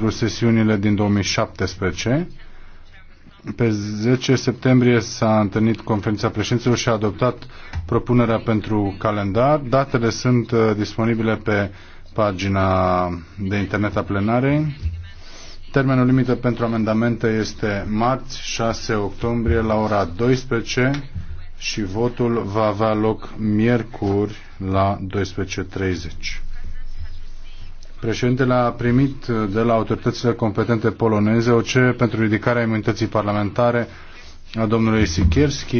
pentru sesiunile din 2017. Pe 10 septembrie s-a întâlnit conferința președinților și a adoptat propunerea pentru calendar. Datele sunt uh, disponibile pe pagina de internet a plenarei. Termenul limită pentru amendamente este marți 6 octombrie la ora 12 și votul va avea loc miercuri la 12.30. Președintele a primit uh, de la autoritățile competente poloneze o cerere pentru ridicarea imunității parlamentare a domnului Sikierski